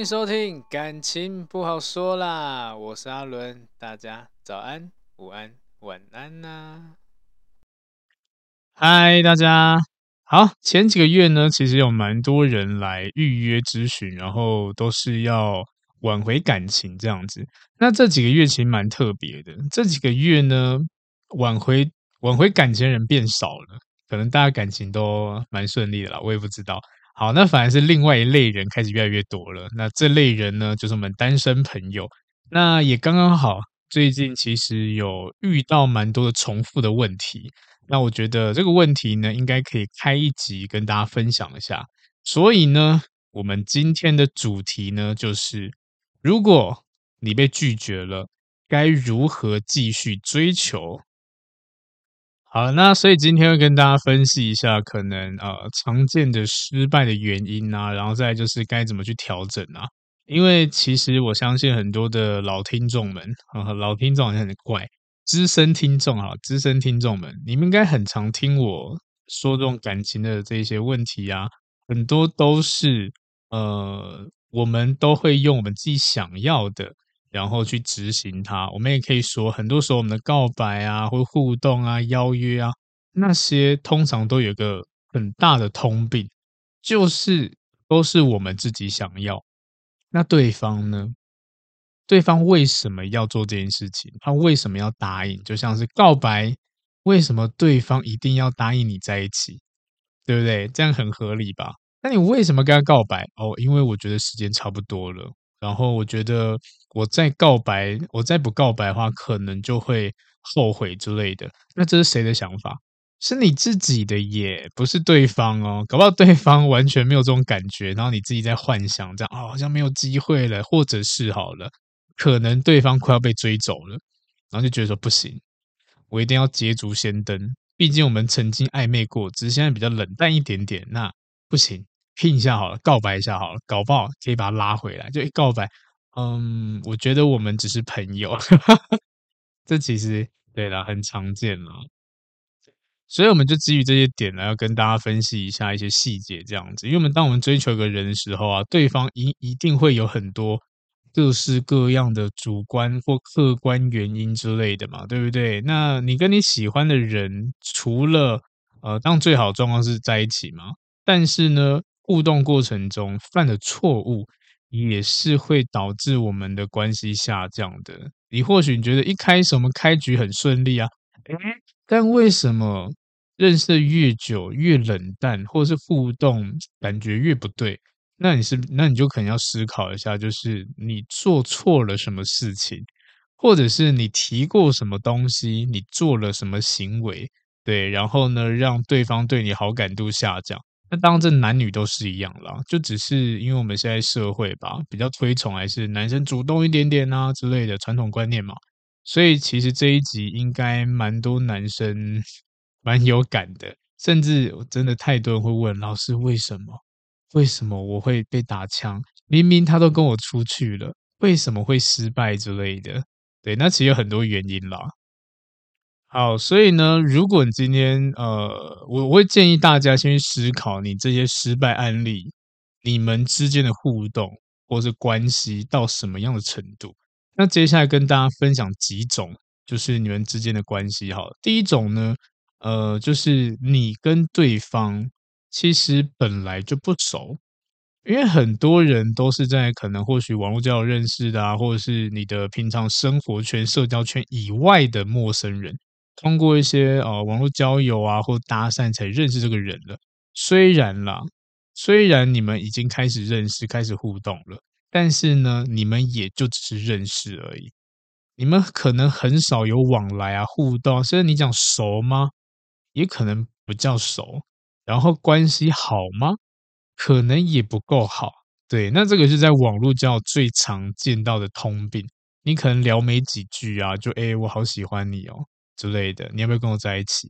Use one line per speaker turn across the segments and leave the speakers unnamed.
歡迎收聽，感情不好說啦，我是阿倫，大家早安、午安、晚安啦、啊、嗨，Hi, 大家好。前幾個月呢，其實有蠻多人來預約諮詢，然後都是要挽回感情這樣子。那這幾個月其實蠻特別的，這幾個月呢，挽回挽回感情的人變少了，可能大家感情都蠻順利的啦，我也不知道。好，那反而是另外一類人開始越來越多了。那這類人呢，就是我們單身朋友。那也剛剛好，最近其實有遇到蠻多的重複的問題。那我覺得這個問題呢，應該可以開一集跟大家分享一下。所以呢，我們今天的主題呢，就是如果你被拒絕了，該如何繼續追求？好，那所以今天要跟大家分析一下可能呃常見的失敗的原因啊，然後再來就是該怎麼去調整啊。因為其實我相信很多的老聽眾們啊、呃，老聽眾也很怪，資深聽眾啊，資深聽眾們，你們應該很常聽我說這種感情的這些問題啊，很多都是呃我們都會用我們自己想要的。然後去執行它。我們也可以說，很多時候我們的告白啊，或互動啊，邀約啊，那些通常都有個很大的通病，就是都是我們自己想要。那對方呢？對方為什麼要做這件事情？他為什麼要答應？就像是告白，為什麼對方一定要答應你在一起？對不對？這樣很合理吧？那你為什麼跟他告白？哦，因為我覺得時間差不多了。然後我覺得我再告白，我再不告白的話，可能就會後悔之類的。那這是誰的想法？是你自己的耶，不是對方哦。搞不好對方完全沒有這種感覺，然後你自己在幻想這樣，哦，好像沒有機會了，或者是好了，可能對方快要被追走了，然後就覺得說不行，我一定要捷足先登。畢竟我們曾經曖昧過，只是現在比較冷淡一點點。那不行。拼一下好了，告白一下好了，搞不好可以把它拉回來。就告白，嗯，我覺得我們只是朋友。呵呵，這其實對啦，很常見嘛。所以我們就基於這些點呢，要跟大家分析一下一些細節，這樣子。因為我們當我們追求一個人的時候啊，對方一一定會有很多各式各樣的主觀或客觀原因之類的嘛，對不對？那你跟你喜歡的人，除了呃，當最好的狀況是在一起嘛，但是呢？互動過程中犯的錯誤，也是會導致我們的關係下降的。你或許你覺得一開始我們開局很順利啊，誒，但為什麼認識越久越冷淡，或是互動感覺越不對？那你是那你就可能要思考一下，就是你做錯了什麼事情，或者是你提過什麼東西，你做了什麼行為，對，然後呢，讓對方對你好感度下降。那當然，這男女都是一樣啦，就只是因為我們現在社會吧，比較推崇還是男生主動一點點啊之類的傳統觀念嘛，所以其實這一集應該蠻多男生蠻有感的，甚至我真的太多人會問老師為什麼？為什麼我會被打槍？明明他都跟我出去了，為什麼會失敗之類的？對，那其實有很多原因啦。好，所以呢，如果你今天呃，我我會建議大家先去思考你這些失敗案例，你們之間的互動或是關係到什麼樣的程度。那接下來跟大家分享幾種，就是你們之間的關係。好，第一種呢，呃，就是你跟對方其實本來就不熟，因為很多人都是在可能或許網絡交友認識的啊，或者是你的平常生活圈、社交圈以外的陌生人。通過一些呃網絡交友啊，或搭訕才認識這個人了。雖然啦，雖然你們已經開始認識、開始互動了，但是呢，你們也就只是認識而已。你們可能很少有往來啊、互動，所以你講熟嗎？也可能不叫熟。然後關係好嗎？可能也不夠好。對，那這個是在網絡交友最常見到的通病。你可能聊沒幾句啊，就誒、欸、我好喜歡你哦、喔。之類的，你要不要跟我在一起？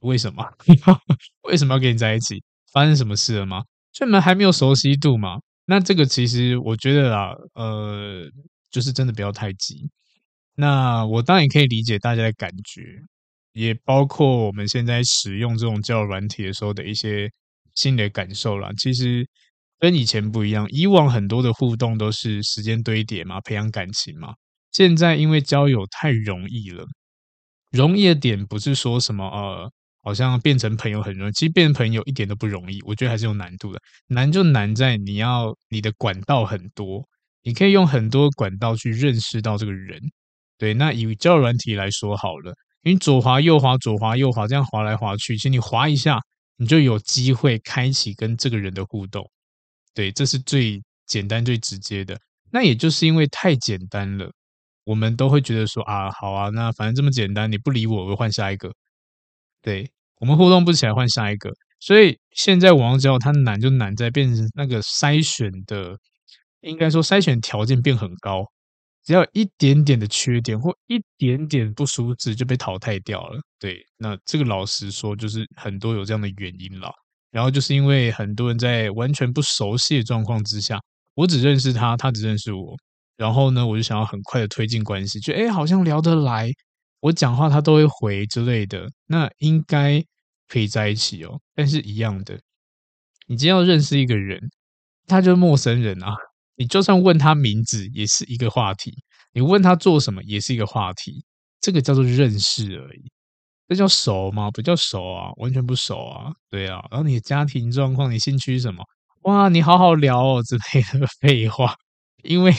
為什麼？ 為什麼要跟你在一起？發生什麼事了嗎？這門還沒有熟悉度嘛？那這個其實我覺得啊，呃，就是真的不要太急。那我當然可以理解大家的感覺，也包括我們現在使用這種交友軟體的時候的一些心理感受啦，其實跟以前不一樣，以往很多的互動都是時間堆疊嘛，培養感情嘛。現在因為交友太容易了。容易的點不是說什麼呃，好像變成朋友很容易，其實變成朋友一點都不容易，我覺得還是有難度的。難就難在你要你的管道很多，你可以用很多管道去認識到這個人。對，那以交友軟體來說好了，你左滑右滑左滑右滑這樣滑來滑去，其實你滑一下，你就有機會開啟跟這個人的互動。對，這是最簡單最直接的。那也就是因為太簡單了。我們都會覺得說啊，好啊，那反正這麼簡單，你不理我，我就換下一個。對，我們互動不起來，換下一個。所以現在網上交友難就難在變成那個篩選的，應該說篩選條件變很高，只要一點點的缺點或一點點不熟知就被淘汰掉了。對，那這個老實說，就是很多有這樣的原因啦。然後就是因為很多人在完全不熟悉的狀況之下，我只認識他，他只認識我。然後呢，我就想要很快的推進關係，就誒、欸、好像聊得來，我講話他都會回之類的，那應該可以在一起哦。但是一樣的，你只要認識一個人，他就是陌生人啊。你就算問他名字，也是一個話題；你問他做什麼，也是一個話題。這個叫做認識而已，這叫熟嗎？不叫熟啊，完全不熟啊。對啊，然後你的家庭狀況，你興趣什麼？哇，你好好聊哦之類的廢話，因為。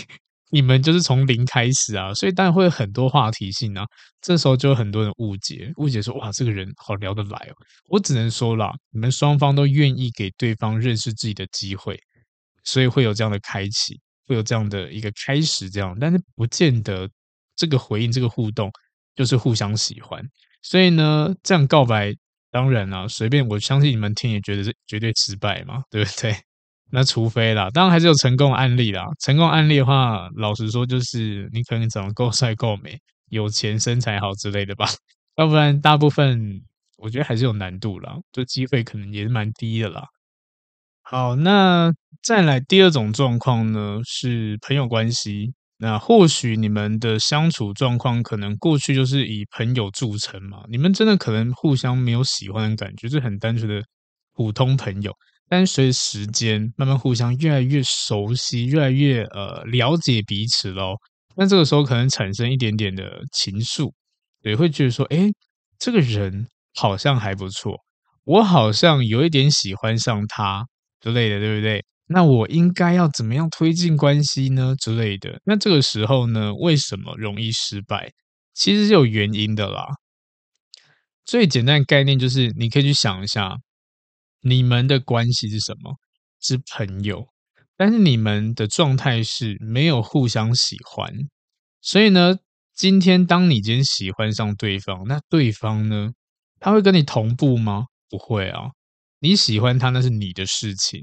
你們就是從零開始啊，所以當然會有很多話題性啊。這時候就有很多人誤解，誤解說哇，這個人好聊得來哦。我只能說啦，你們雙方都願意給對方認識自己的機會，所以會有這樣的開啟，會有這樣的一個開始這樣，但是不見得這個回應、這個互動就是互相喜歡。所以呢，這樣告白當然啊，隨便，我相信你們聽也覺得是絕對失敗嘛，對不對？那除非啦，當然還是有成功案例啦。成功案例的話，老實說就是你可能長得夠帥夠美，有錢身材好之類的吧。要不然大部分我覺得還是有難度啦，就機會可能也是蠻低的啦。好，那再來第二種狀況呢，是朋友關係。那或許你們的相處狀況可能過去就是以朋友著稱嘛，你們真的可能互相沒有喜歡的感覺，就很單純的普通朋友。但隨着時間慢慢互相越來越熟悉，越來越呃、了解彼此嘍。那這個時候可能產生一點點的情愫，也會覺得說，哎、欸，這個人好像還不錯，我好像有一點喜歡上他之類的，對不對？那我應該要怎麼樣推進關係呢？之類的。那這個時候呢，為什麼容易失敗？其實是有原因的啦。最簡單的概念就是，你可以去想一下。你們的關係是什麼？是朋友，但是你們的狀態是沒有互相喜歡，所以呢，今天當你已經喜歡上對方，那對方呢，他會跟你同步嗎？不會啊，你喜歡他那是你的事情，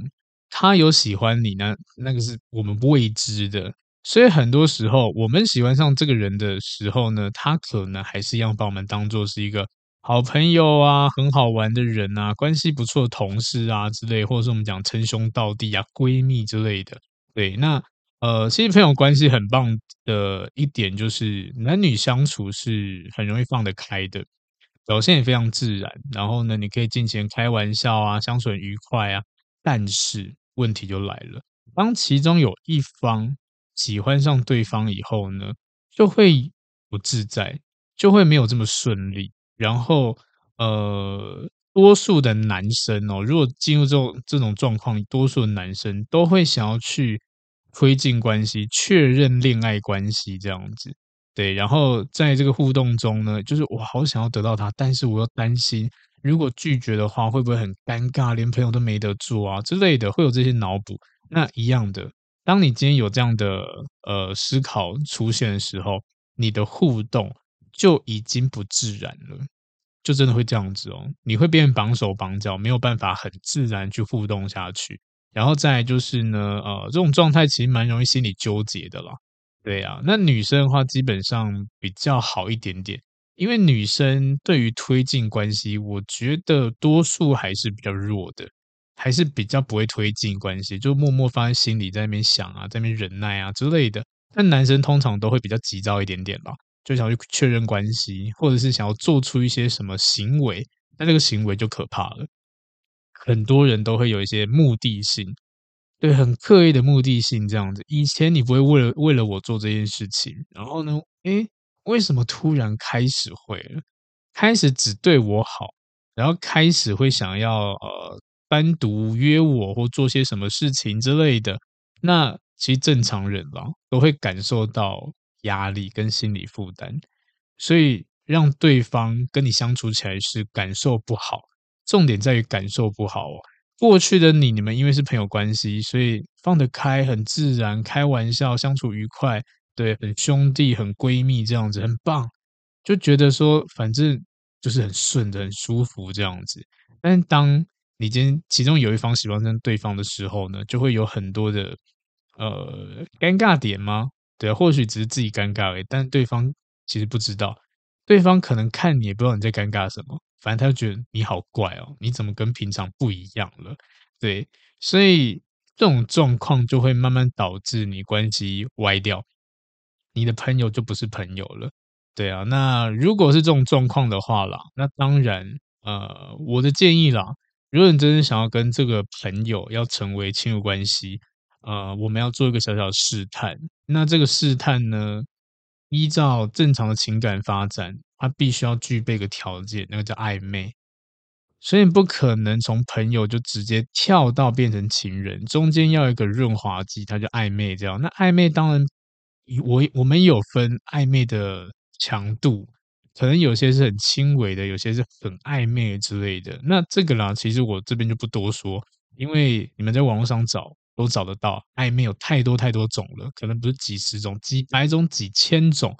他有喜歡你呢，那個是我們未知的，所以很多時候我們喜歡上這個人的時候呢，他可能還是一樣把我們當做是一個。好朋友啊，很好玩的人啊，關係不錯的同事啊之類，或者是我們講稱兄道弟啊、閨蜜之類的。對，那呃，異性朋友關係很棒的一點就是男女相處是很容易放得開的，表現也非常自然。然後呢，你可以盡情開玩笑啊，相處很愉快啊。但是問題就來了，當其中有一方喜歡上對方以後呢，就會不自在，就會沒有這麼順利。然後，呃，多數的男生哦，如果進入這種這種狀況，多數的男生都會想要去推進關係、確認戀愛關係這樣子。對，然後在這個互動中呢，就是我好想要得到他，但是我又擔心，如果拒絕的話，會不會很尷尬，連朋友都沒得做啊之類的，會有這些腦補。那一樣的，當你今天有這樣的呃思考出現的時候，你的互動。就已經不自然了，就真的會這樣子哦，你會變綁手綁腳，沒有辦法很自然去互動下去。然後再來就是呢，呃，這種狀態其實蠻容易心裡糾結的啦。對啊，那女生的話基本上比較好一點點，因為女生對於推進關係，我覺得多數還是比較弱的，還是比較不會推進關係，就默默放在心裡，在那邊想啊，在那邊忍耐啊之類的。但男生通常都會比較急躁一點點吧。就想去確認關係，或者是想要做出一些什麼行為，那這個行為就可怕了。很多人都會有一些目的性，對，很刻意的目的性這樣子。以前你不會為了為了我做這件事情，然後呢，哎、欸，為什麼突然開始會了？開始只對我好，然後開始會想要呃單獨約我，或做些什麼事情之類的。那其實正常人吧，都會感受到。壓力跟心理負擔，所以讓對方跟你相處起來是感受不好。重點在於感受不好哦。過去的你，你們因為是朋友關係，所以放得開，很自然，開玩笑，相處愉快，對，很兄弟，很閨蜜這樣子，很棒。就覺得說，反正就是很順的，很舒服這樣子。但當你今天其中有一方喜歡上對方的時候呢，就會有很多的呃尷尬點嗎？對啊，或許只是自己尷尬而、欸、已，但對方其實不知道，對方可能看你也不知道你在尷尬什麼，反正他就覺得你好怪哦，你怎麼跟平常不一樣了？對，所以這種狀況就會慢慢導致你關係歪掉，你的朋友就不是朋友了。對啊，那如果是這種狀況的話啦，那當然，呃，我的建議啦，如果你真的想要跟這個朋友要成為親友關係。呃，我們要做一個小小的試探。那這個試探呢，依照正常的情感發展，它必須要具備個條件，那個叫曖昧。所以你不可能從朋友就直接跳到變成情人，中間要一個潤滑劑，它叫曖昧。這樣，那曖昧當然，我我們有分曖昧的強度，可能有些是很輕微的，有些是很曖昧之類的。那這個啦，其實我這邊就不多說，因為你們在網絡上找。都找得到，曖昧有太多太多種了，可能不是幾十種、幾百種、幾千種，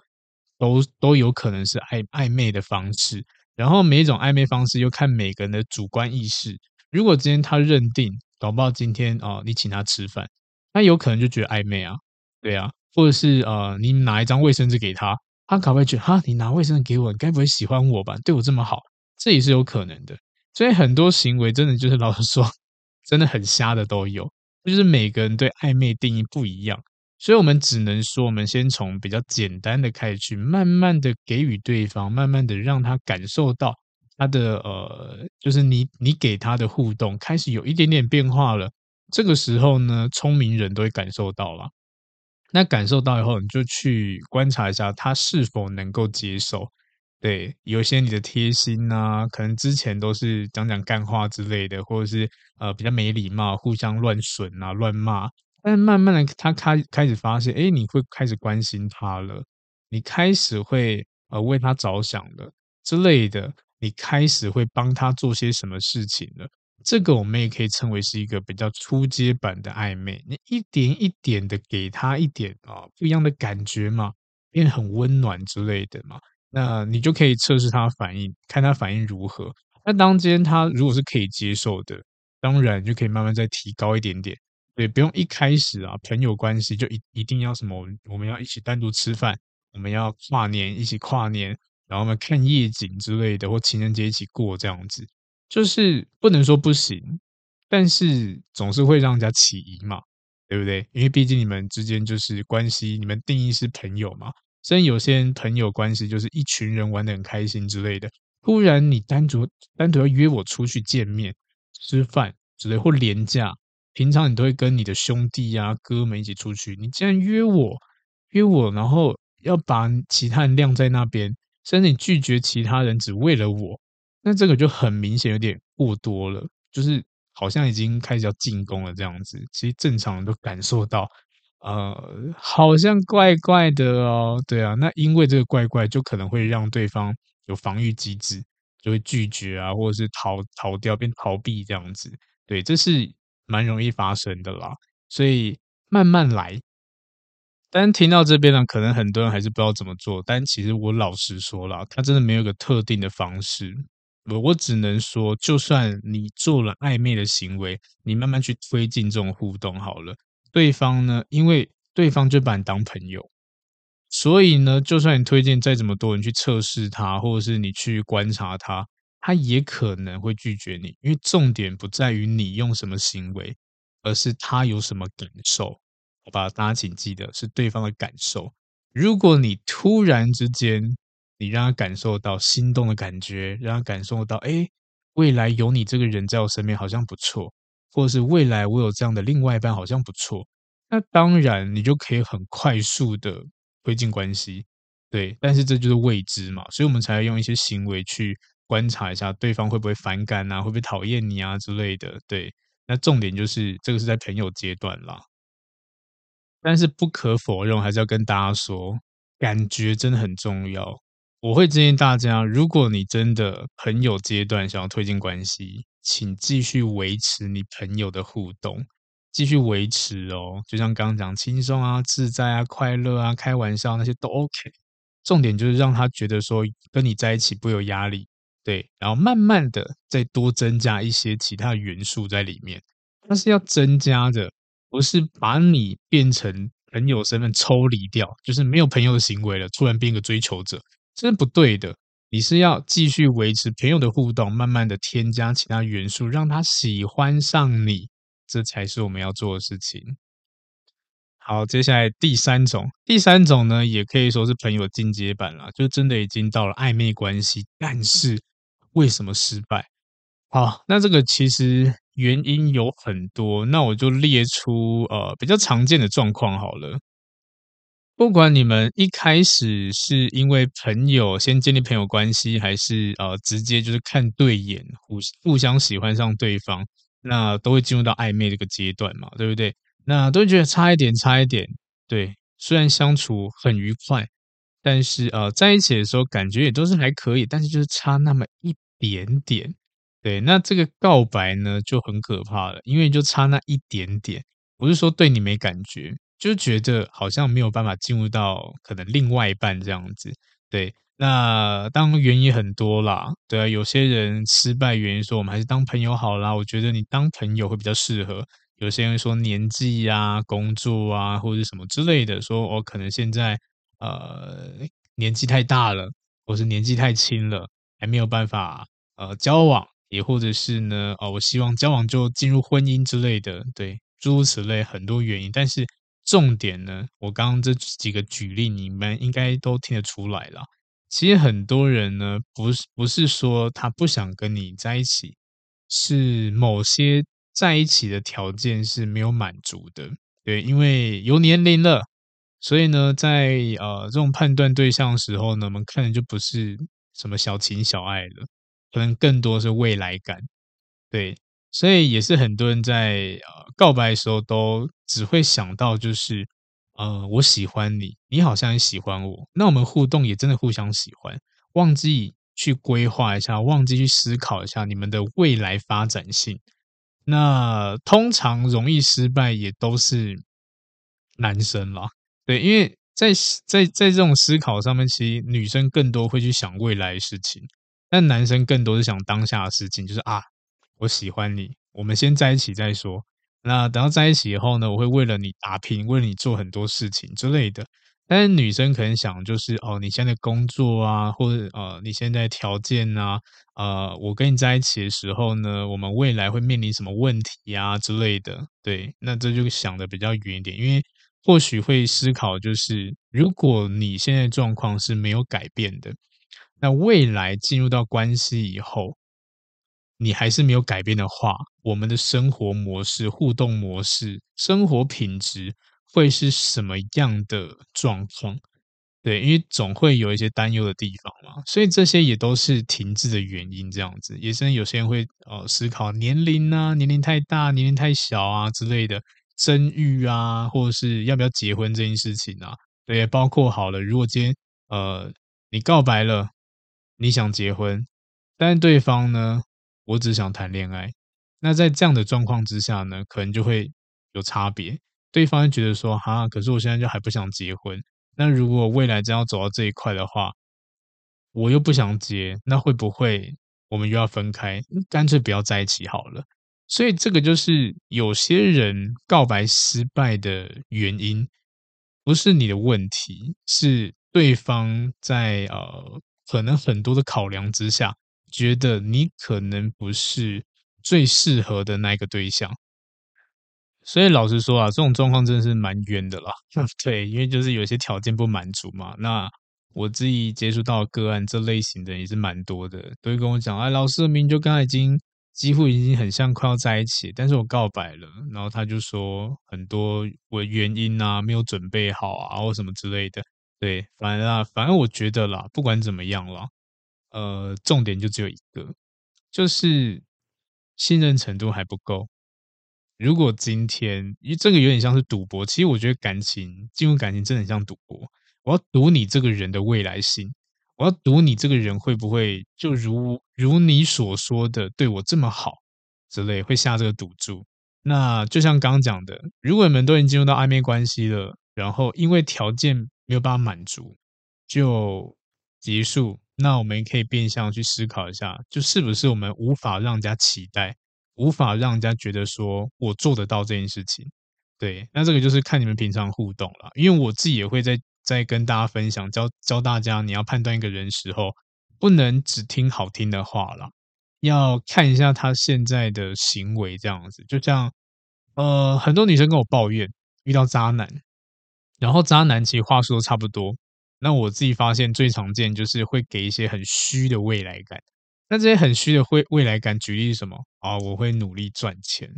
都都有可能是曖曖昧的方式。然後每一種曖昧方式，又看每個人的主觀意識。如果今天他認定，搞不好今天啊、呃，你請他吃飯，那有可能就覺得曖昧啊，對啊，或者是呃，你拿一張衛生紙給他，他搞不好覺得哈，你拿衛生紙給我，你該不會喜歡我吧？對我這麼好，這也是有可能的。所以很多行為真的就是老實說，真的很瞎的都有。就是每個人對曖昧定義不一樣，所以我們只能說，我們先從比較簡單的開始，去慢慢的給予對方，慢慢的讓他感受到他的呃，就是你你給他的互動開始有一點點變化了。這個時候呢，聰明人都會感受到啦。那感受到以後，你就去觀察一下他是否能夠接受。對，有些你的貼心啊，可能之前都是講講幹話之類的，或者是呃比較沒禮貌，互相亂損啊、亂罵。但慢慢的，他開開始發現，哎，你會開始關心他了，你開始會呃為他着想了之類的，你開始會幫他做些什麼事情了。這個我們也可以稱為是一個比較初階版的曖昧，你一點一點的給他一點啊不一樣的感覺嘛，變得很溫暖之類的嘛。那你就可以測試他的反應，看他反應如何。那當間他如果是可以接受的，當然就可以慢慢再提高一點點。對，不用一開始啊，朋友關係就一一定要什麼，我我們要一起單獨吃飯，我們要跨年一起跨年，然後我們看夜景之類的，或情人節一起過這樣子，就是不能說不行，但是總是會讓人家起疑嘛，對不對？因為畢竟你們之間就是關係，你們定義是朋友嘛。甚至有些人朋友關係就是一群人玩的很開心之類的，忽然你單獨單獨要約我出去見面吃飯之類，或連假，平常你都會跟你的兄弟啊哥們一起出去，你既然約我約我，然後要把其他人晾在那邊，甚至你拒絕其他人只為了我，那這個就很明顯有點過多了，就是好像已經開始要進攻了這樣子，其實正常人都感受到。呃，好像怪怪的哦。對啊，那因為這個怪怪，就可能會讓對方有防禦機制，就會拒絕啊，或者是逃逃掉，變逃避這樣子。對，這是蠻容易發生的啦。所以慢慢來。但聽到這邊呢，可能很多人還是不知道怎麼做。但其實我老實說啦，他真的沒有個特定的方式。我我只能說，就算你做了曖昧的行為，你慢慢去推進這種互動好了。對方呢？因為對方就把你當朋友，所以呢，就算你推薦再怎麼多人去測試他，或者是你去觀察他，他也可能會拒絕你。因為重點不在於你用什麼行為，而是他有什麼感受，好吧？大家請記得是對方的感受。如果你突然之間，你讓他感受到心動的感覺，讓他感受到，哎，未來有你這個人在我身邊好像不錯。或是未來我有這樣的另外一半好像不錯，那當然你就可以很快速的推進關係，對。但是這就是未知嘛，所以我們才要用一些行為去觀察一下對方會不會反感啊，會不會討厭你啊之類的。對，那重點就是這個是在朋友階段啦。但是不可否認，還是要跟大家說，感覺真的很重要。我會建議大家，如果你真的朋友階段想要推進關係。請繼續維持你朋友的互動，繼續維持哦。就像剛剛講，輕鬆啊、自在啊、快樂啊、開玩笑啊、那些都 OK。重點就是讓他覺得說跟你在一起不有壓力，對。然後慢慢的再多增加一些其他元素在裡面，但是要增加的，不是把你變成朋友身份抽離掉，就是沒有朋友的行為了，突然變個追求者，這是不對的。你是要繼續維持朋友的互動，慢慢的添加其他元素，讓他喜歡上你，這才是我們要做的事情。好，接下來第三種，第三種呢，也可以說是朋友進階版了，就真的已經到了曖昧關係，但是為什麼失敗？好，那這個其實原因有很多，那我就列出呃比較常見的狀況好了。不管你們一開始是因為朋友先建立朋友關係，還是呃直接就是看對眼，互互相喜歡上對方，那都會進入到曖昧這個階段嘛，對不對？那都會覺得差一點，差一點。對，雖然相處很愉快，但是呃在一起的時候感覺也都是還可以，但是就是差那麼一點點。對，那這個告白呢就很可怕了，因為就差那一點點。不是說對你沒感覺。就覺得好像沒有辦法進入到可能另外一半這樣子，對。那當然原因很多啦，對啊。有些人失敗原因說，我們還是當朋友好啦。我覺得你當朋友會比較適合。有些人說年紀啊、工作啊，或者什麼之類的，說我、哦、可能現在呃年紀太大了，或是年紀太輕了，還沒有辦法呃交往，也或者是呢，哦，我希望交往就進入婚姻之類的，對，諸如此類很多原因，但是，重點呢，我剛剛這幾個舉例，你們應該都聽得出來了。其實很多人呢，不是不是說他不想跟你在一起，是某些在一起的條件是沒有滿足的。對，因為有年齡了，所以呢，在呃這種判斷對象的時候呢，我們可能就不是什麼小情小愛了，可能更多是未來感。對。所以也是很多人在告白的時候，都只會想到就是，呃，我喜歡你，你好像也喜歡我，那我們互動也真的互相喜歡，忘記去規劃一下，忘記去思考一下你們的未來發展性。那通常容易失敗也都是男生啦，對，因為在在在這種思考上面，其實女生更多會去想未來的事情，但男生更多是想當下的事情，就是啊。我喜歡你，我們先在一起再說。那等到在一起以後呢，我會為了你打拼，為了你做很多事情之類的。但是女生可能想就是哦，你現在工作啊，或者呃，你現在條件啊，呃，我跟你在一起的時候呢，我們未來會面臨什麼問題啊之類的。對，那這就想得比較遠一點，因為或許會思考就是，如果你現在狀況是沒有改變的，那未來進入到關係以後。你還是沒有改變的話，我們的生活模式、互動模式、生活品質會是什麼樣的狀況？對，因為總會有一些擔憂的地方嘛，所以這些也都是停滯的原因。這樣子，也是有些人會呃思考年齡啊，年齡太大、年齡太小啊之類的，生育啊，或者是要不要結婚這件事情啊，對，包括好了，如果今天呃你告白了，你想結婚，但是對方呢？我只想談戀愛，那在這樣的狀況之下呢，可能就會有差別。對方就覺得說：“哈，可是我現在就還不想結婚。”那如果未來真要走到這一塊的話，我又不想結，那會不會我們又要分開？乾脆不要在一起好了。所以這個就是有些人告白失敗的原因，不是你的問題，是對方在呃，可能很多的考量之下。覺得你可能不是最適合的那個對象，所以老實說啊，這種狀況真的是蠻冤的啦。對，因為就是有些條件不滿足嘛。那我自己接觸到個案這類型的也是蠻多的，都會跟我講，哎，老師，明明就剛才已經幾乎已經很像快要在一起，但是我告白了，然後他就說很多我原因啊，沒有準備好啊，或什麼之類的。對，反正、啊、反正我覺得啦，不管怎麼樣啦。呃，重點就只有一個，就是信任程度還不夠。如果今天，因為這個有點像是賭博，其實我覺得感情進入感情真的很像賭博。我要賭你這個人的未來性，我要賭你這個人會不會就如如你所說的對我這麼好之類，會下這個賭注。那就像剛講的，如果你們都已經進入到曖昧關係了，然後因為條件沒有辦法滿足，就結束。那我們可以變相去思考一下，就是不是我們無法讓人家期待，無法讓人家覺得說我做得到這件事情？對，那這個就是看你們平常互動了。因為我自己也會在在跟大家分享，教教大家，你要判斷一個人時候，不能只聽好聽的話啦，要看一下他現在的行為這樣子。就像呃，很多女生跟我抱怨遇到渣男，然後渣男其實話術都差不多。那我自己發現最常見就是會給一些很虛的未來感。那這些很虛的會未來感，舉例是什麼？啊，我會努力賺錢，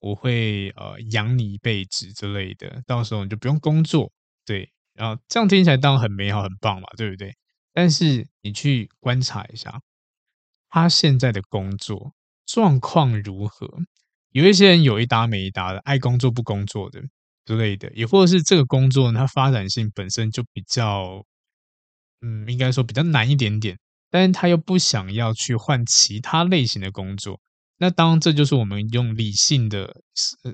我會呃養你一輩子之類的，到時候你就不用工作，對，然後，啊，這樣聽起來當然很美好、很棒嘛，對不對？但是你去觀察一下，他現在的工作狀況如何？有一些人有一搭沒一搭的，愛工作不工作的。之類的，也或者是這個工作呢，它發展性本身就比較，嗯，應該說比較難一點點，但是他又不想要去換其他類型的工作，那當然這就是我們用理性的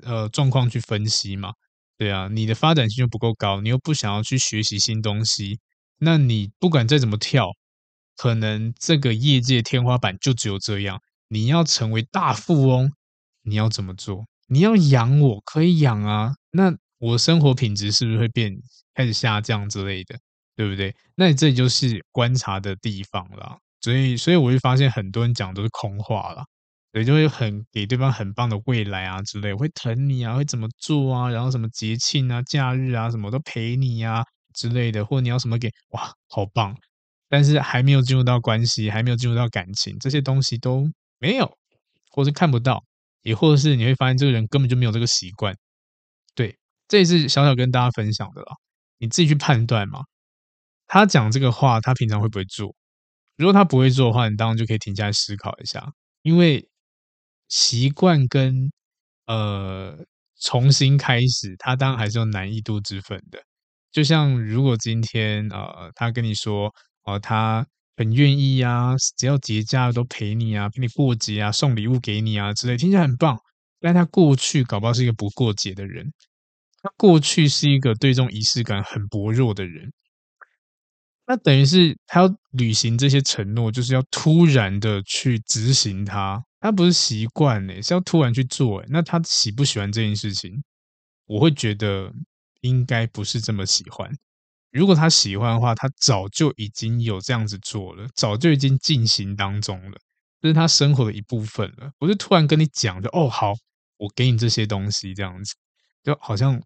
呃狀況去分析嘛。對啊，你的發展性就不夠高，你又不想要去學習新東西，那你不管再怎麼跳，可能這個業界天花板就只有這樣。你要成為大富翁，你要怎麼做？你要養我可以養啊，那，我生活品質是不是會變開始下降之類的，對不對？那你這裡就是觀察的地方啦。所以，所以我會發現很多人講都是空話啦，所以就會很給對方很棒的未來啊之類，會疼你啊，會怎麼做啊，然後什麼節慶啊、假日啊什麼都陪你啊之類的，或者你要什麼給，哇，好棒！但是還沒有進入到關係，還沒有進入到感情，這些東西都沒有，或是看不到，也或者是你會發現這個人根本就沒有這個習慣。這也是小小跟大家分享的了，你自己去判斷嘛。他講這個話，他平常會不會做？如果他不會做的話，你當然就可以停下來思考一下，因為習慣跟呃重新開始，他當然還是有難易度之分的。就像如果今天呃他跟你說哦、呃、他很願意啊，只要節假日都陪你啊，陪你過節啊，送禮物給你啊之類，聽起來很棒，但他過去搞不好是一個不過節的人。他過去是一個對這種儀式感很薄弱的人，那等於是他要履行這些承諾，就是要突然的去執行他，他不是習慣哎，是要突然去做哎，那他喜不喜歡這件事情？我會覺得應該不是這麼喜歡。如果他喜歡的話，他早就已經有這樣子做了，早就已經進行當中了，這，就是他生活的一部分了。我就突然跟你講，就哦好，我給你這些東西這樣子，就好像。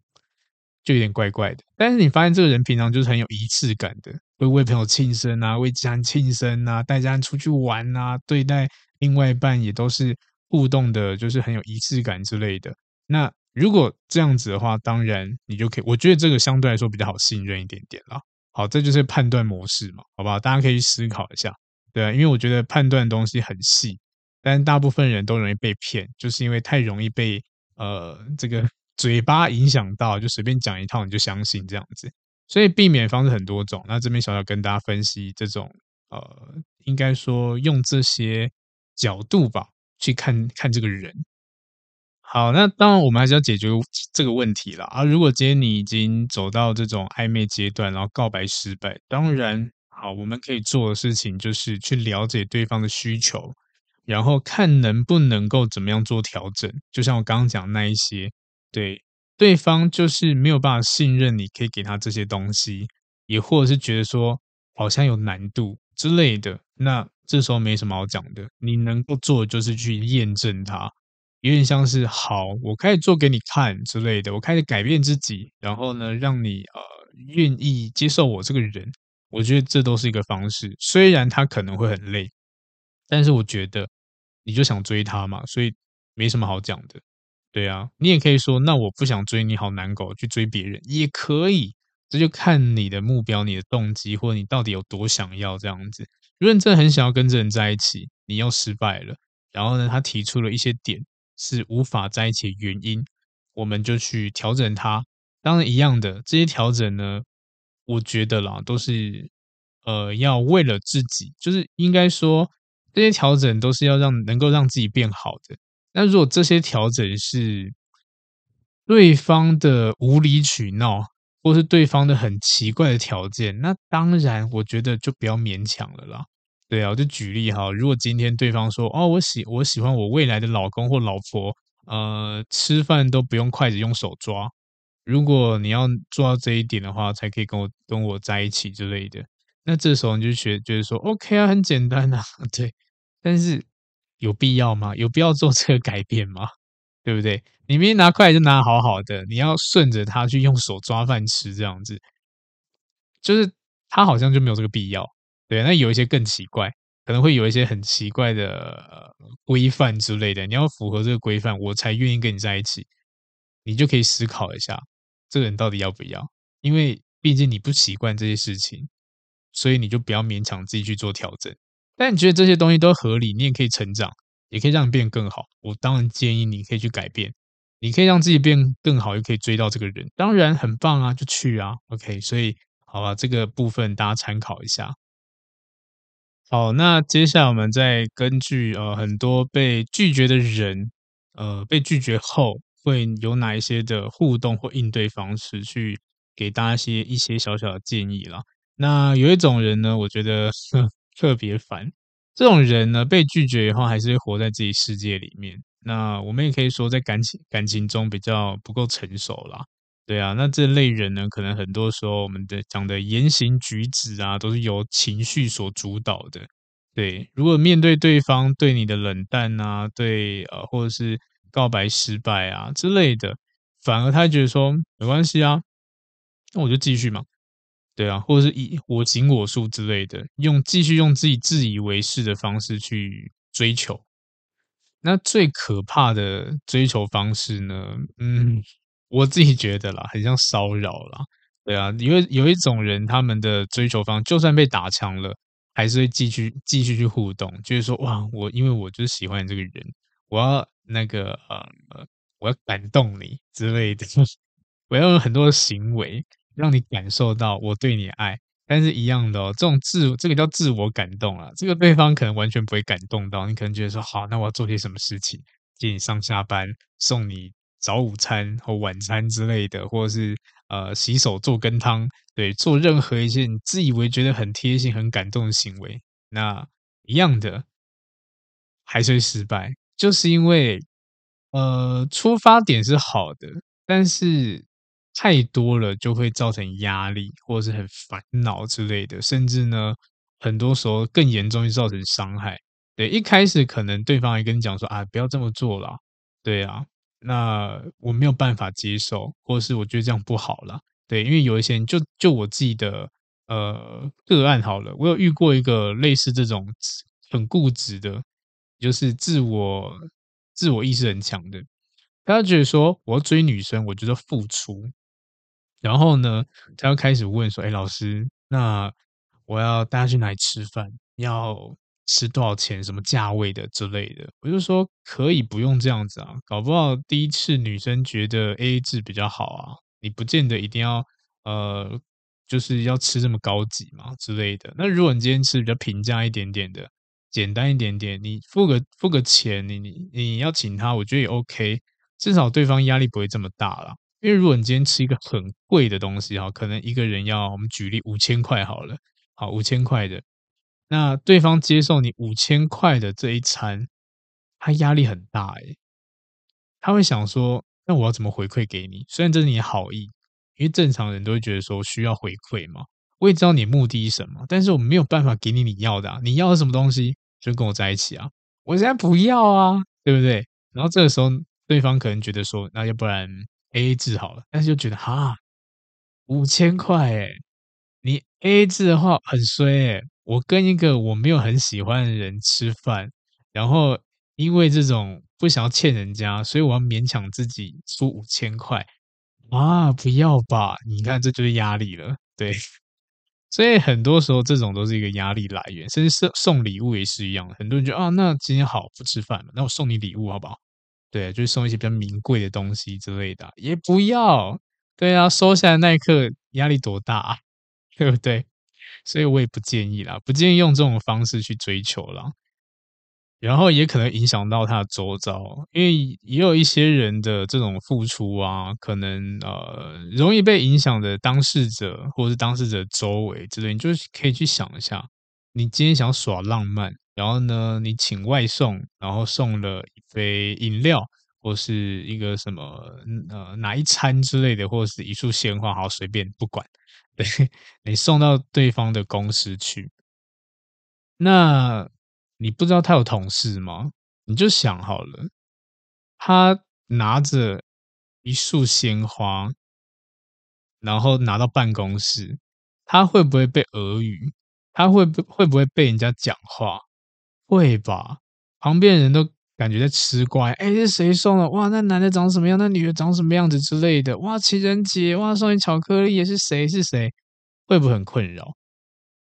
就有點怪怪的，但是你發現這個人平常就是很有儀式感的，會為朋友慶生啊，為家人慶生啊，帶家人出去玩啊，對待另外一半也都是互動的，就是很有儀式感之類的。那如果這樣子的話，當然你就可以，我覺得這個相對來說比較好信任一點點啦。好，這就是判斷模式嘛，好不好？大家可以去思考一下，對啊，因為我覺得判斷的東西很細，但大部分人都容易被騙，就是因為太容易被呃這個。嘴巴影響到，就隨便講一套你就相信這樣子，所以避免方式很多種。那這邊小小跟大家分析這種，呃，應該說用這些角度吧，去看看這個人。好，那當然我們還是要解決這個問題了啊。如果今天你已經走到這種曖昧階段，然後告白失敗，當然好，我們可以做的事情就是去了解對方的需求，然後看能不能夠怎麼樣做調整。就像我剛剛講那一些。對，對方就是沒有辦法信任你，可以給他這些東西，也或者是覺得說好像有難度之類的。那這時候沒什麼好講的，你能夠做的就是去驗證他，有點像是好，我開始做給你看之類的。我開始改變自己，然後呢，讓你呃願意接受我這個人。我覺得這都是一個方式，雖然他可能會很累，但是我覺得你就想追他嘛，所以沒什麼好講的。對啊，你也可以說，那我不想追你，好難搞，去追別人也可以。這就看你的目標、你的動機，或者你到底有多想要這樣子。如果你真的很想要跟這人在一起，你又失敗了，然後呢，他提出了一些點是無法在一起的原因，我們就去調整他。當然，一樣的這些調整呢，我覺得啦，都是呃要為了自己，就是應該說這些調整都是要讓能夠讓自己變好的。那如果這些調整是對方的無理取鬧，或是對方的很奇怪的條件，那當然我覺得就不要勉強了啦。對啊，我就舉例哈，如果今天對方說哦，我喜我喜歡我未來的老公或老婆，呃，吃飯都不用筷子，用手抓。如果你要做到這一點的話，才可以跟我跟我在一起之類的。那這時候你就覺覺得說，OK 啊，很簡單啊，對。但是。有必要嗎？有必要做這個改變嗎？對不對？你明明拿筷子就拿好好的，你要順着他去用手抓飯吃這樣子，就是他好像就沒有這個必要。對，那有一些更奇怪，可能會有一些很奇怪的、呃、規範之類的，你要符合這個規範，我才願意跟你在一起。你就可以思考一下，這個人到底要不要？因為畢竟你不習慣這些事情，所以你就不要勉強自己去做調整。但你覺得這些東西都合理，你也可以成長，也可以讓你變更好，我當然建議你可以去改變，你可以讓自己變更好，又可以追到這個人，當然很棒啊，就去啊。OK，所以好吧，啊，這個部分大家參考一下。好，那接下來我們再根據呃很多被拒絕的人，呃被拒絕後會有哪一些的互動或應對方式，去給大家一些一些小小的建議啦。那有一種人呢，我覺得。特別煩這種人呢，被拒絕以後還是會活在自己世界裡面。那我們也可以說，在感情感情中比較不夠成熟啦。對啊，那這類人呢，可能很多時候我們的講的言行舉止啊，都是由情緒所主導的。對，如果面對對方對你的冷淡啊，對呃，或者是告白失敗啊之類的，反而他覺得說沒關係啊，那我就繼續嘛。對啊，或者是以我行我素之類的，用繼續用自己自以為是的方式去追求。那最可怕的追求方式呢？嗯，我自己覺得啦，很像騷擾啦。對啊，因為有一種人，他們的追求方就算被打槍了，還是會繼續繼續去互動。就是說，哇，我因為我就是喜歡這個人，我要那個呃，我要感動你之類的， 我要有很多的行為。讓你感受到我對你愛，但是一樣的，哦。這種自，這個叫自我感動啊，這個對方可能完全不會感動到。你可能覺得說，好，那我要做些什麼事情，接你上下班，送你早午餐或晚餐之類的，或者是呃洗手做羹湯，對，做任何一些你自以為覺得很貼心、很感動的行為，那一樣的還是會失敗，就是因為呃出發點是好的，但是。太多了就會造成壓力，或者是很煩惱之類的，甚至呢，很多時候更嚴重就造成傷害。對，一開始可能對方也跟你講說：“啊，不要這麼做啦，對啊，那我沒有辦法接受，或者是我覺得這樣不好啦。”對，因為有一些人就就我自己的呃個案好了，我有遇過一個類似這種很固執的，就是自我自我意識很強的，他覺得說我要追女生，我覺得付出。然後呢，他又開始問說：“誒老師，那我要帶他去哪裡吃飯？要吃多少錢？什麼價位的之類的？”我就說：“可以不用這樣子啊，搞不好第一次女生覺得 AA 制比較好啊，你不見得一定要呃，就是要吃這麼高級嘛之類的。那如果你今天吃比較平價一點點的，簡單一點點，你付個付個錢，你你你要請他，我覺得也 OK，至少對方壓力不會這麼大了。”因為如果你今天吃一個很貴的東西哈，可能一個人要我們舉例五千塊好了，好五千塊的，那對方接受你五千塊的這一餐，他壓力很大誒，他會想說：那我要怎麼回饋給你？雖然這是你的好意，因為正常人都會覺得說需要回饋嘛。我也知道你的目的是什麼，但是我沒有辦法給你你要的啊。你要什麼東西？就跟我在一起啊！我現在不要啊，對不對？然後這個時候，對方可能覺得說：那要不然？A A 制好了，但是就覺得哈，五千塊哎、欸，你 A A 制的話很衰哎、欸。我跟一個我沒有很喜歡的人吃飯，然後因為這種不想要欠人家，所以我要勉強自己出五千塊。啊，不要吧，你看這就是壓力了，對。所以很多時候這種都是一個壓力來源，甚至送送禮物也是一樣。很多人就啊，那今天好，不吃飯了，那我送你禮物好不好？對，就送一些比較名貴的東西之類的，也不要。對啊，收下來的那一刻壓力多大啊，對不對？所以我也不建議啦，不建議用這種方式去追求啦。然後也可能影響到他的周遭，因為也有一些人的這種付出啊，可能呃容易被影響的當事者，或者是當事者周圍之類，你就可以去想一下，你今天想耍浪漫。然後呢，你請外送，然後送了一杯飲料，或是一個什麼呃哪一餐之類的，或是一束鮮花，好隨便不管，對你送到對方的公司去。那你不知道他有同事嗎？你就想好了，他拿着一束鮮花，然後拿到辦公室，他會不會被耳語？他會會不會被人家講話？會吧，旁邊人都感覺在吃瓜。誒，這是誰送的？哇，那男的長什麼樣？那女的長什麼樣子之類的。哇，情人節哇，送你巧克力也是誰是誰？會不會很困擾？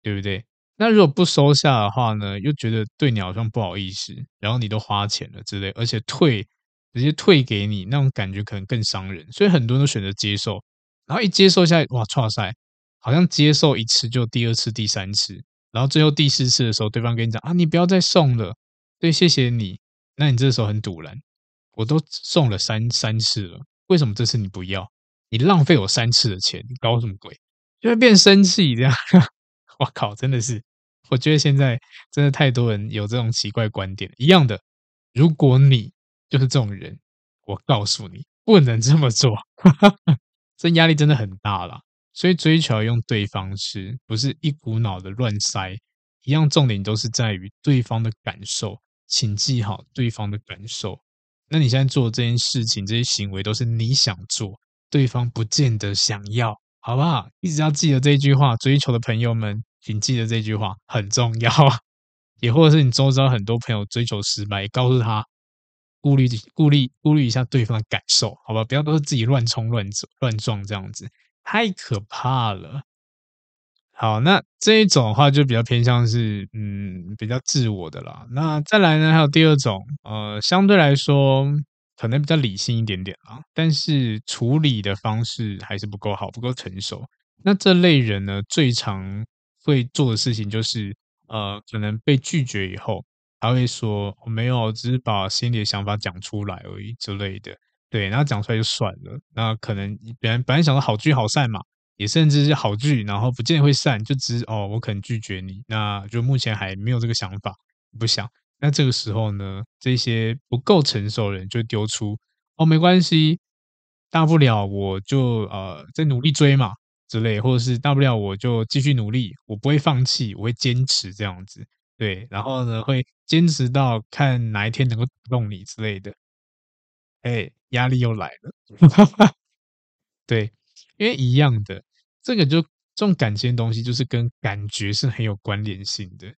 對不對？那如果不收下的話呢，又覺得對你好像不好意思，然後你都花錢了之類，而且退直接退給你，那種感覺可能更傷人。所以很多人都選擇接受，然後一接受下來，哇，哇塞，好像接受一次就第二次、第三次。然後最後第四次的時候，對方跟你講啊，你不要再送了，對，謝謝你。那你這時候很賭爛，我都送了三三次了，為什麼這次你不要？你浪費我三次的錢，你搞什麼鬼？就會變生氣這樣。我靠，真的是，我覺得現在真的太多人有這種奇怪觀點。一樣的，如果你就是這種人，我告訴你不能這麼做呵呵，這壓力真的很大啦。所以追求用對方式，不是一股腦的亂塞？一樣重點都是在於對方的感受，請記好對方的感受。那你現在做的這件事情、這些行為，都是你想做，對方不見得想要，好不好？一直要記得這句話，追求的朋友們，請記得這句話很重要。 也或者是你周遭很多朋友追求失敗，告訴他顧慮、顧慮、顧慮一下對方的感受，好吧？不要都是自己亂衝、亂撞、亂撞這樣子。太可怕了，好，那這一種的話就比較偏向是，嗯，比較自我的啦。那再來呢，還有第二種，呃，相對來說可能比較理性一點點啦，但是處理的方式還是不夠好，不夠成熟。那這類人呢，最常會做的事情就是，呃，可能被拒絕以後，他會說：“我、哦、沒有，只是把心裡的想法講出來而已”之類的。對，然後講出來就算了。那可能本來本來想說好聚好散嘛，也甚至是好聚，然後不見得會散，就只是哦，我可能拒絕你。那就目前還沒有這個想法，不想。那這個時候呢，這些不夠成熟的人就丟出哦，沒關係，大不了我就呃再努力追嘛之類，或者是大不了我就繼續努力，我不會放棄，我會堅持這樣子。對，然後呢會堅持到看哪一天能夠動你之類的。哎。壓力又來了， 對，因為一樣的，這個就這種感情的東西，就是跟感覺是很有關聯性的。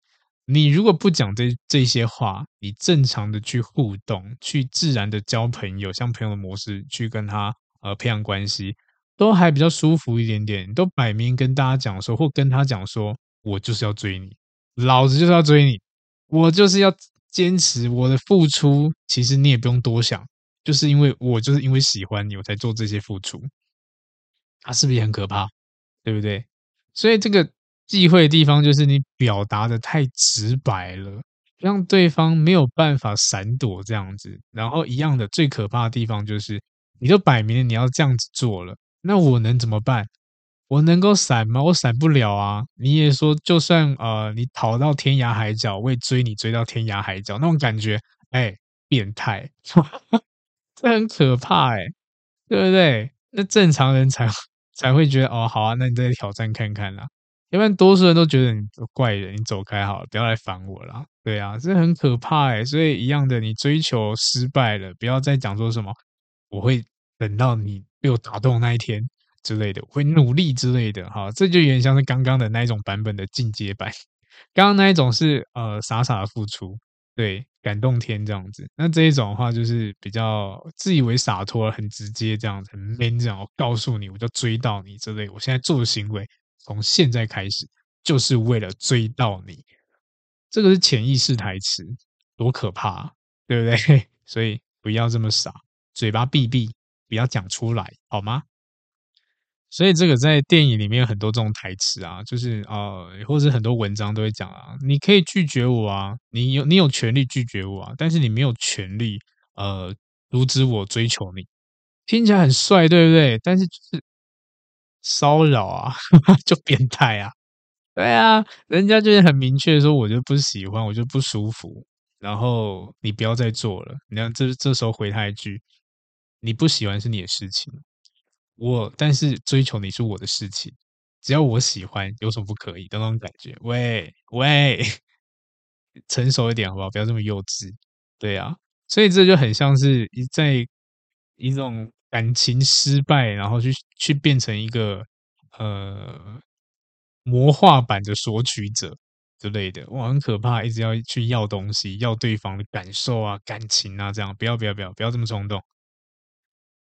你如果不講這這些話，你正常的去互動，去自然的交朋友，像朋友的模式去跟他呃培養關係，都還比較舒服一點點。都擺明跟大家講說，或跟他講說我就是要追你，老子就是要追你，我就是要堅持我的付出，其實你也不用多想，就是因為我就是因為喜歡你，我才做這些付出，啊，是不是也很可怕？對不對？所以這個忌諱的地方就是你表達得太直白了，讓對方沒有辦法閃躲這樣子。然後一樣的，最可怕的地方就是，你都擺明了你要這樣子做了，那我能怎麼辦？我能夠閃嗎？我閃不了啊！你也說就算呃，你逃到天涯海角，我也追你追到天涯海角，那種感覺，哎、欸，變態。 這很可怕誒欸，對不對？那正常人才才會覺得哦，好啊，那你再挑戰看看啦。一般多數人都覺得你怪人，你走開好了，不要來煩我啦。對啊，這很可怕誒欸，所以一樣的，你追求失敗了，不要再講說什麼我會等到你被我打動那一天之類的，我會努力之類的。哈，這就有點像是剛剛的那一種版本的進階版。剛剛那一種是呃，傻傻的付出。對，感動天這樣子，那這一種的話就是比較自以為灑脫了，很直接這樣子，很明 a 我告訴你，我就追到你這類，我現在做的行為，從現在開始就是為了追到你，這個是潛意識台詞，多可怕、啊，對不對？所以不要這麼傻，嘴巴閉閉，不要講出來，好嗎？所以這個在電影裡面很多這種台詞啊，就是啊、呃，或者很多文章都會講啊，你可以拒絕我啊，你有你有權利拒絕我啊，但是你沒有權利呃阻止我追求你，聽起來很帥，對不對？但是就是騷擾啊，呵呵就變態啊，對啊，人家就是很明確說，我就不喜歡，我就不舒服，然後你不要再做了。你看這這時候回他一句，你不喜歡是你的事情。我但是追求你是我的事情，只要我喜歡，有什麼不可以的那種感覺？喂喂，成熟一點好不好？不要這麼幼稚，對啊，所以這就很像是一在一種感情失敗，然後去去變成一個呃魔化版的索取者之類的，哇，很可怕！一直要去要東西，要對方的感受啊、感情啊，這樣，不要不要不要不要這麼衝動。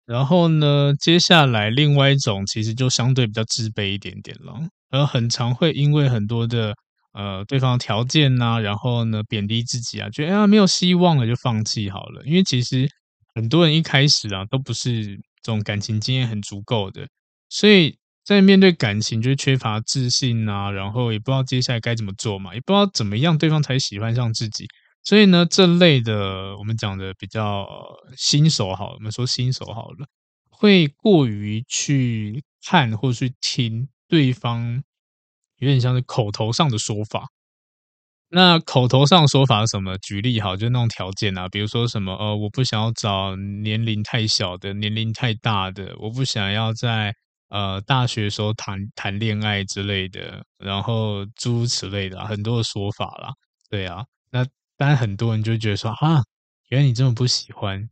然後呢，接下來另外一種其實就相對比較自卑一點點了，然後很常會因為很多的呃對方條件吶、啊，然後呢貶低自己啊，覺得，哎呀，沒有希望了，就放棄好了。因為其實很多人一開始啊都不是這種感情經驗很足夠的，所以在面對感情就是缺乏自信啊，然後也不知道接下來該怎麼做嘛，也不知道怎麼樣對方才喜歡上自己。所以呢，這類的我們講的比較新手好，我們說新手好了，會過於去看或去聽對方，有點像是口頭上的說法。那口頭上說法是什麼？舉例好，就那種條件啊，比如說什麼呃，我不想要找年齡太小的，年齡太大的，我不想要在呃大學時候談談戀愛之類的，然後諸如此類的啊，很多的說法啦，對啊，那。但很多人就會覺得說啊，原來你這麼不喜歡，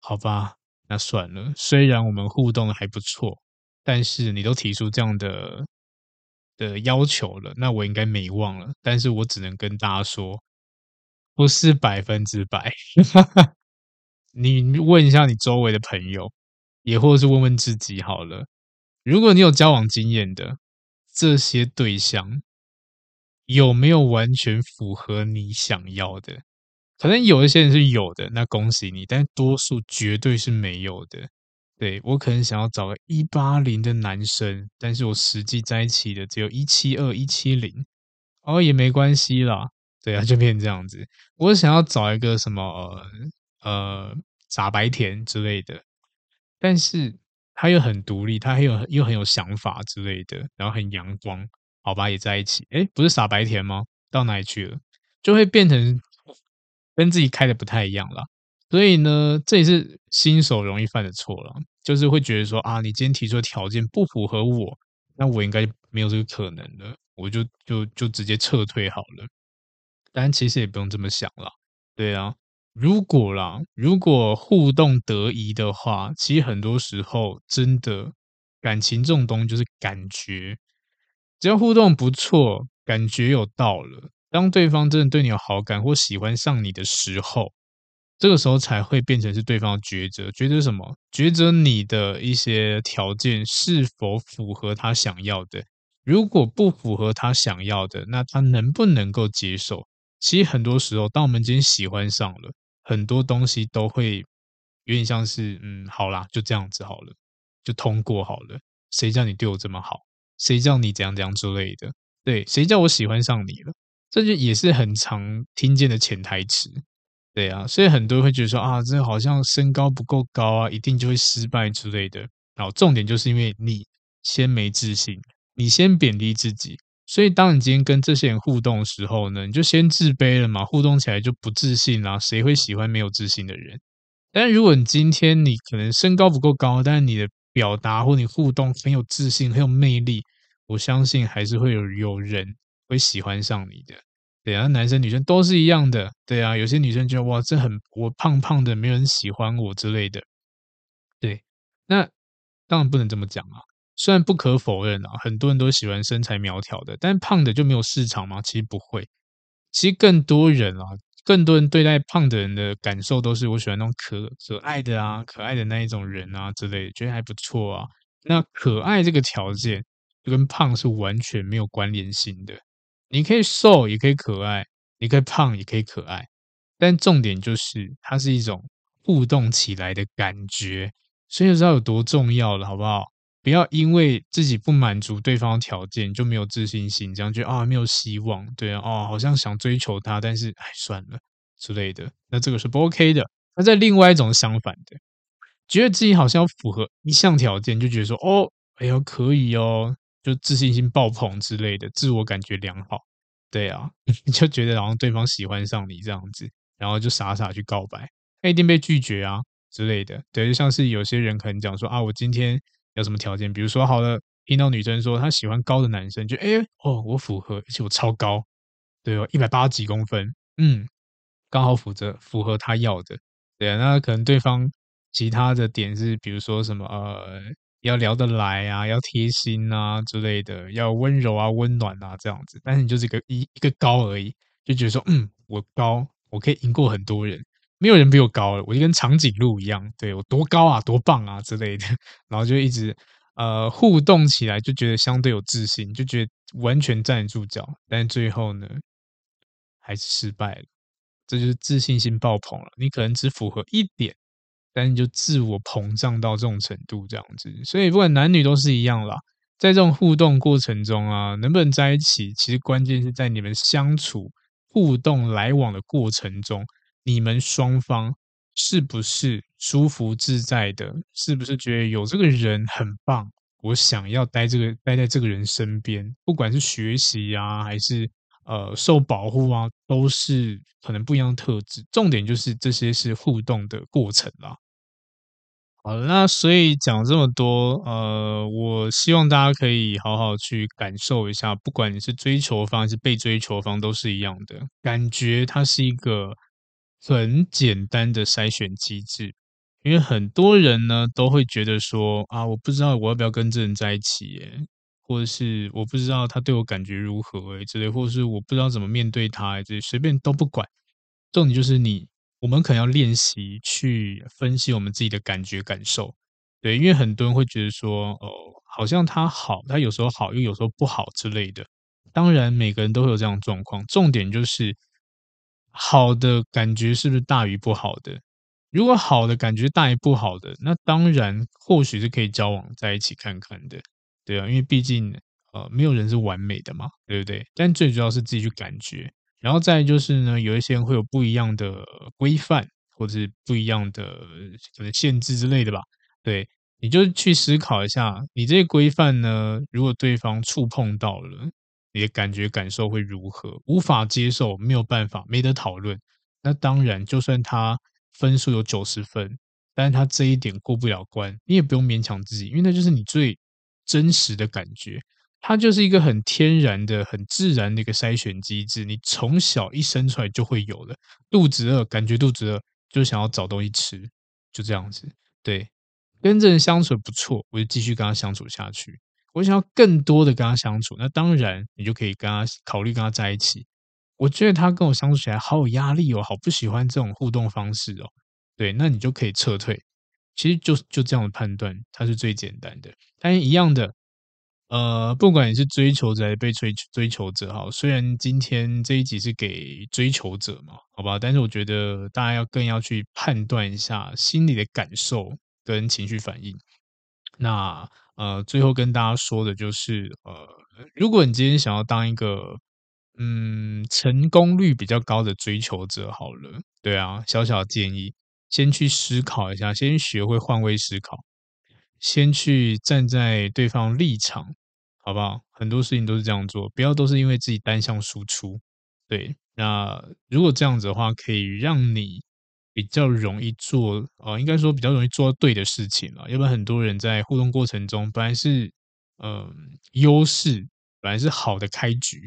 好吧，那算了。雖然我們互動還不錯，但是你都提出這樣的的要求了，那我應該沒忘了。但是我只能跟大家說，不是百分之百。 你問一下你周圍的朋友，也或者是問問自己好了。如果你有交往經驗的這些對象。有沒有完全符合你想要的？可能有一些人是有的，那恭喜你。但多數絕對是沒有的。對，我可能想要找個一八零的男生，但是我實際在一起的只有一七二、一七零，哦，也沒關係啦。對啊，就變成這樣子。我想要找一個什麼呃、呃、傻白甜之類的，但是他又很獨立，他又很有又很有想法之類的，然後很陽光。好吧，也在一起。哎，不是傻白甜嗎？到哪裡去了？就會變成跟自己開的不太一樣了。所以呢，這也是新手容易犯的錯了，就是會覺得說啊，你今天提出的條件不符合我，那我應該就沒有這個可能的，我就就就直接撤退好了。但其實也不用這麼想了，對啊，如果啦，如果互動得宜的話，其實很多時候真的感情這種東西就是感覺。只要互動不錯，感覺有到了。當對方真的對你有好感或喜歡上你的時候，這個時候才會變成是對方的抉擇，抉擇什麼？抉擇你的一些條件是否符合他想要的。如果不符合他想要的，那他能不能夠接受？其實很多時候，當我們已經喜歡上了，很多東西都會有點像是，嗯，好啦，就這樣子好了，就通過好了。誰叫你對我這麼好？誰叫你這樣這樣之類的？對，誰叫我喜歡上你了？這就也是很常聽見的潛台詞，對啊。所以很多人會覺得說啊，這好像身高不夠高啊，一定就會失敗之類的。然後重點就是因為你先沒自信，你先貶低自己，所以當你今天跟這些人互動的時候呢，你就先自卑了嘛，互動起來就不自信啦。誰會喜歡沒有自信的人？但是如果你今天你可能身高不夠高，但是你的表達或你互動很有自信，很有魅力，我相信還是會有有人會喜歡上你的。對啊，男生女生都是一樣的。對啊，有些女生覺得哇，這很我胖胖的，沒有人喜歡我之類的。對，那當然不能這麼講啊。雖然不可否認啊，很多人都喜歡身材苗條的，但胖的就沒有市場嗎？其實不會，其實更多人啊。更多人對待胖的人的感受都是，我喜歡那種可可愛的啊，可愛的那一種人啊之類的，覺得還不錯啊。那可愛這個條件就跟胖是完全沒有關聯性的，你可以瘦也可以可愛，你可以胖也可以可愛，但重點就是它是一種互動起來的感覺，所以就知道有多重要了，好不好？不要因為自己不滿足對方的條件就沒有自信心，這樣覺得啊、哦、沒有希望，對啊，哦好像想追求他，但是哎算了之類的，那這個是不 OK 的。那在另外一種相反的，覺得自己好像符合一項條件，就覺得說哦，哎呀可以哦，就自信心爆棚之類的，自我感覺良好，對啊，就覺得然後對方喜歡上你這樣子，然後就傻傻去告白，他一定被拒絕啊之類的。對，就像是有些人可能講說啊，我今天。有什麼條件？比如說，好了，聽到女生說她喜歡高的男生，就誒、欸，哦，我符合，而且我超高，對哦，一百八十幾公分，嗯，剛好符合符合她要的，對啊。那可能對方其他的點是，比如說什麼呃，要聊得來啊，要貼心啊之類的，要溫柔啊、溫暖啊這樣子。但是你就是一個一一個高而已，就覺得說，嗯，我高，我可以贏過很多人。沒有人比我高了，我就跟長頸鹿一樣，對，我多高啊，多棒啊之類的，然後就一直呃互動起來，就覺得相對有自信，就覺得完全站得住腳。但最後呢，還是失敗了，這就是自信心爆棚了。你可能只符合一點，但你就自我膨脹到這種程度，這樣子。所以不管男女都是一樣啦，在這種互動過程中啊，能不能在一起，其實關鍵是在你們相處、互動、來往的過程中。你們雙方是不是舒服自在的？是不是覺得有這個人很棒？我想要待這個待在這個人身邊，不管是學習啊，還是呃受保護啊，都是可能不一樣的特質。重點就是這些是互動的過程啦。好，那所以講這麼多，呃，我希望大家可以好好去感受一下，不管你是追求方還是被追求方，都是一樣的感覺，它是一個。很簡單的篩選機制，因為很多人呢都會覺得說啊，我不知道我要不要跟這人在一起耶，或者是我不知道他對我感覺如何之類，或者是我不知道怎麼面對他之類，隨便都不管。重點就是你，我們可能要練習去分析我們自己的感覺感受，對，因為很多人會覺得說哦，好像他好，他有時候好，又有時候不好之類的。當然，每個人都會有這樣的狀況，重點就是。好的感覺是不是大於不好的？如果好的感覺大於不好的，那當然或許是可以交往在一起看看的，對啊，因為畢竟呃沒有人是完美的嘛，對不對？但最主要是自己去感覺，然後再就是呢，有一些人會有不一樣的規範或者是不一樣的可能限制之類的吧，對，你就去思考一下，你這些規範呢，如果對方觸碰到了。你的感覺感受會如何？無法接受，沒有辦法，沒得討論。那當然，就算他分數有九十分，但是他這一點過不了關，你也不用勉強自己，因為那就是你最真實的感覺。它就是一個很天然的、很自然的一個篩選機制。你從小一生出來就會有了，肚子餓，感覺肚子餓，就想要找東西吃，就這樣子。對，跟這人相處不錯，我就繼續跟他相處下去。我想要更多的跟他相處，那當然你就可以跟他考慮跟他在一起。我覺得他跟我相處起來好有壓力哦，好不喜歡這種互動方式哦。對，那你就可以撤退。其實就就這樣的判斷，他是最簡單的。但是一樣的，呃，不管你是追求者還是被追追求者哈，雖然今天這一集是給追求者嘛，好吧，但是我覺得大家要更要去判斷一下心裡的感受跟情緒反應。那呃，最後跟大家說的就是，呃，如果你今天想要當一個嗯成功率比較高的追求者，好了，對啊，小小建議，先去思考一下，先學會換位思考，先去站在對方立場，好不好？很多事情都是這樣做，不要都是因為自己單向輸出。對，那如果這樣子的話，可以讓你。比較容易做啊，呃，應該說比較容易做到對的事情啊，要不然很多人在互動過程中本來是嗯優勢，本來是好的開局，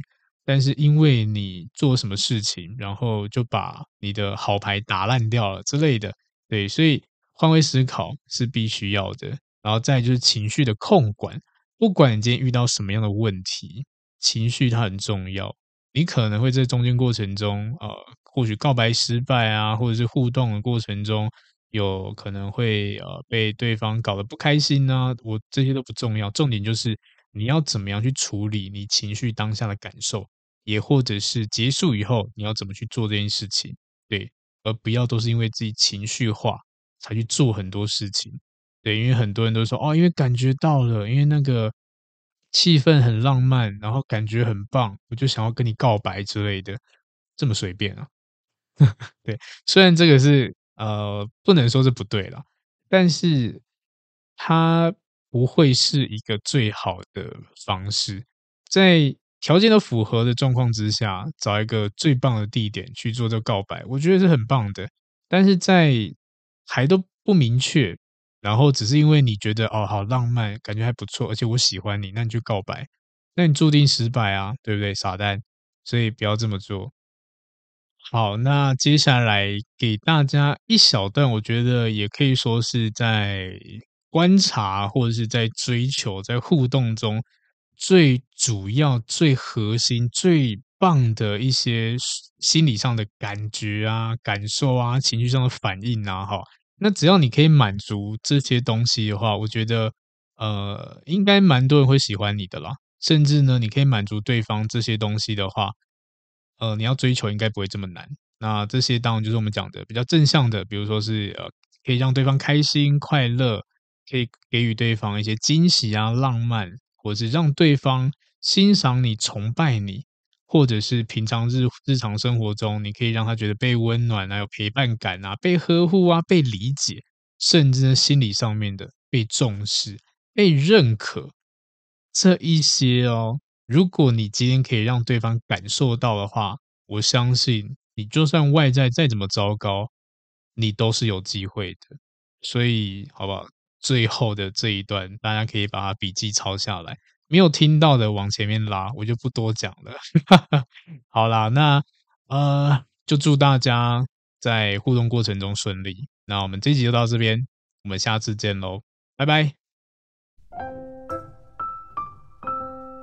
但是因為你做什麼事情，然後就把你的好牌打爛掉了之類的，對，所以換位思考是必須要的，然後再就是情緒的控管，不管你今天遇到什麼樣的問題，情緒它很重要，你可能會在中間過程中啊。呃或許告白失敗啊，或者是互動的過程中有可能會呃被對方搞得不開心吶、啊。我這些都不重要，重點就是你要怎麼樣去處理你情緒當下的感受，也或者是結束以後你要怎麼去做這件事情，對，而不要都是因為自己情緒化才去做很多事情，對，因為很多人都說哦，因為感覺到了，因為那個氣氛很浪漫，然後感覺很棒，我就想要跟你告白之類的，這麼隨便啊。 對，雖然這個是呃，不能說是不對了，但是它不會是一個最好的方式。在條件都符合的狀況之下，找一個最棒的地點去做這個告白，我覺得是很棒的。但是在還都不明確，然後只是因為你覺得哦，好浪漫，感覺還不錯，而且我喜歡你，那你去告白，那你注定失敗啊，對不對？傻蛋，所以不要這麼做。好，那接下來給大家一小段，我覺得也可以說是在觀察或者是在追求，在互動中最主要、最核心、最棒的一些心理上的感覺啊、感受啊、情緒上的反應啊。哈，那只要你可以滿足這些東西的話，我覺得呃，應該蠻多人會喜歡你的啦。甚至呢，你可以滿足對方這些東西的話。呃，你要追求應該不會這麼難。那這些當然就是我們講的比較正向的，比如說是呃，可以讓對方開心快樂，可以給予對方一些驚喜啊、浪漫，或者是讓對方欣賞你、崇拜你，或者是平常日日常生活中，你可以讓他覺得被溫暖啊、有陪伴感啊、被呵護啊、被理解，甚至心理上面的被重視、被認可，這一些哦。如果你今天可以讓對方感受到的話，我相信你就算外在再怎麼糟糕，你都是有機會的。所以，好不好，最後的這一段大家可以把筆記抄下來，沒有聽到的往前面拉，我就不多講了。哈 哈，好啦，那呃，就祝大家在互動過程中順利。那我們這集就到這邊，我們下次見嘍，拜拜。